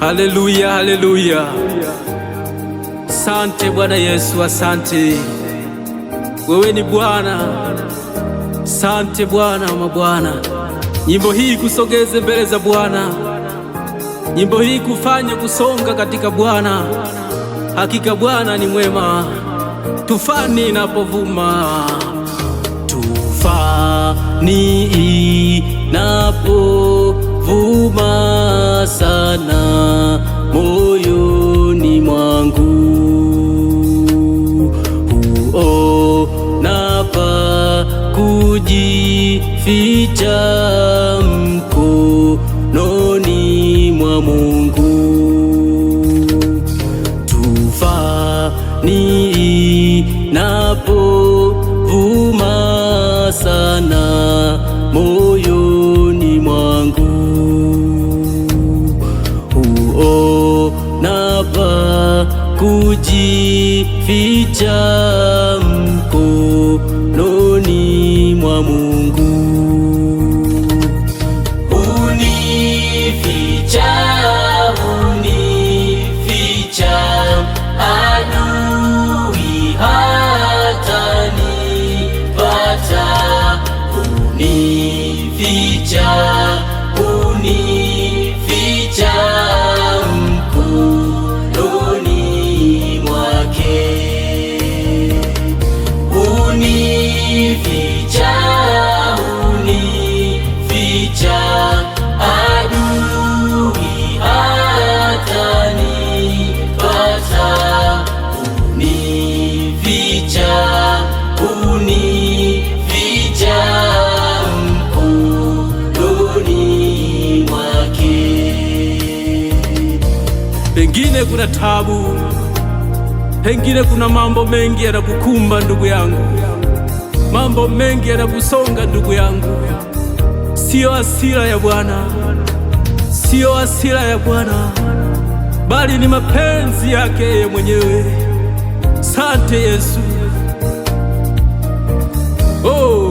Haleluya, haleluya. Asante Bwana Yesu, asante. Wewe ni Bwana. Asante Bwana wa mabwana. Nyimbo hii kusogeze mbele za Bwana. Nyimbo hii kufanye kusonga katika Bwana. Hakika Bwana ni mwema. Tufani inapovuma. Tufani na sana moyoni mwangu huo napa kujificha mkononi mwa Mungu tufa tufani na changu noni mwa Mungu Pengine kuna tabu, pengine kuna mambo mengi yanakukumba ndugu yangu, mambo mengi yanakusonga ndugu yangu. Siyo hasira ya Bwana, siyo hasira ya Bwana, bali ni mapenzi yake yeye mwenyewe. Sante Yesu. Oh.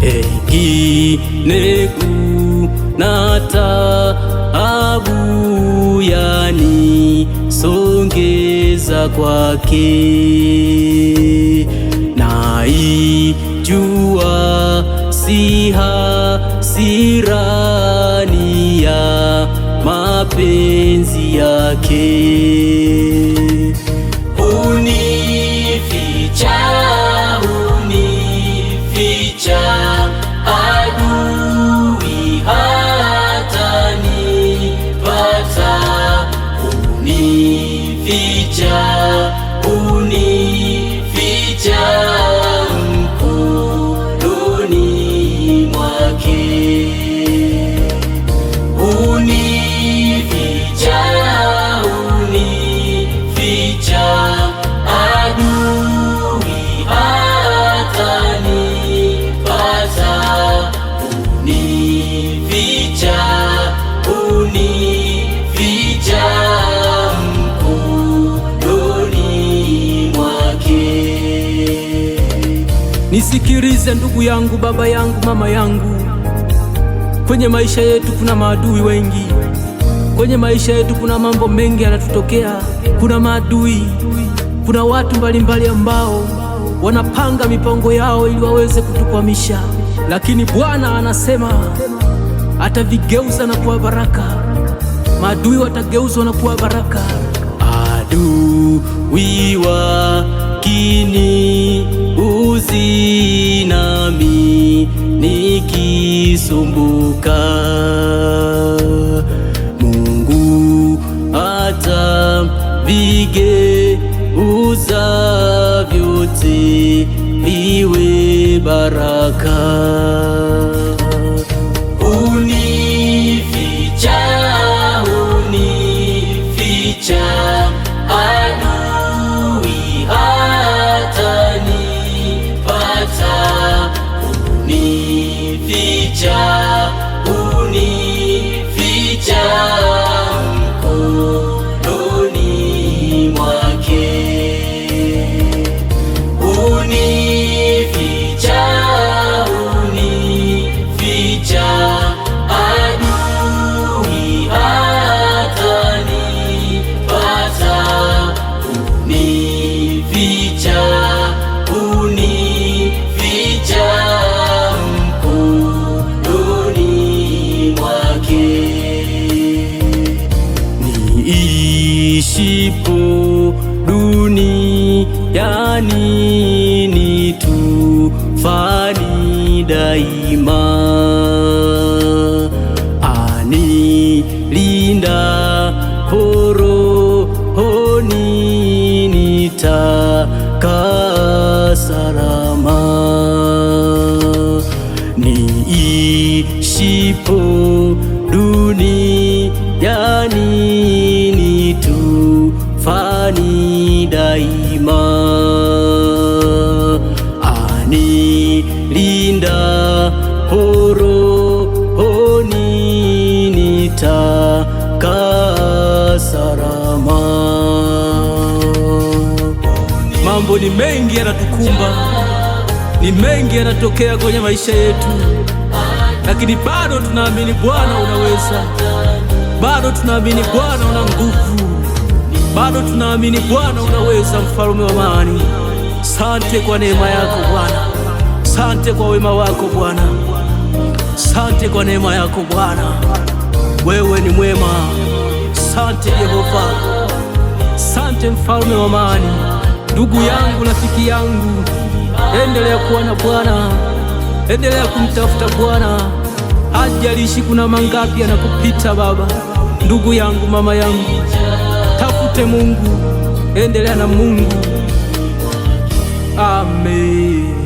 Pengine kuna taabu Yaani, songeza kwake, naijua si hasirani ya mapenzi yake. kucha uni Nisikilize ndugu yangu, baba yangu, mama yangu, kwenye maisha yetu kuna maadui wengi. Kwenye maisha yetu kuna mambo mengi yanatutokea, kuna maadui, kuna watu mbalimbali ambao wanapanga mipango yao ili waweze kutukwamisha, lakini Bwana anasema atavigeuza na kuwa baraka. Maadui watageuzwa na kuwa baraka. Adui wa kini usinami nikisumbuka, Mungu hata vige uza vyote viwe baraka. duni yani ni fani daima, ani linda poro anilinda porohoni nitakaa salama niishipo duni yani ni tu fani daima, anilinda honi nita kasarama Mambo ni mengi yanatukumba, ni mengi yanatokea kwenye maisha yetu, lakini bado tunaamini Bwana unaweza bado tunaamini Bwana una nguvu, bado tunaamini Bwana unaweza, mfalme wa amani. Sante kwa neema yako Bwana, sante kwa wema wako Bwana, sante kwa neema yako Bwana, wewe ni mwema. Sante Yehova, sante mfalme wa amani, ndugu yangu, rafiki yangu, endelea kuwa na Bwana, endelea kumtafuta Bwana, hajalishi kuna mangapi anakupita Baba. Ndugu yangu, mama yangu, tafute Mungu, endelea na Mungu. Amen.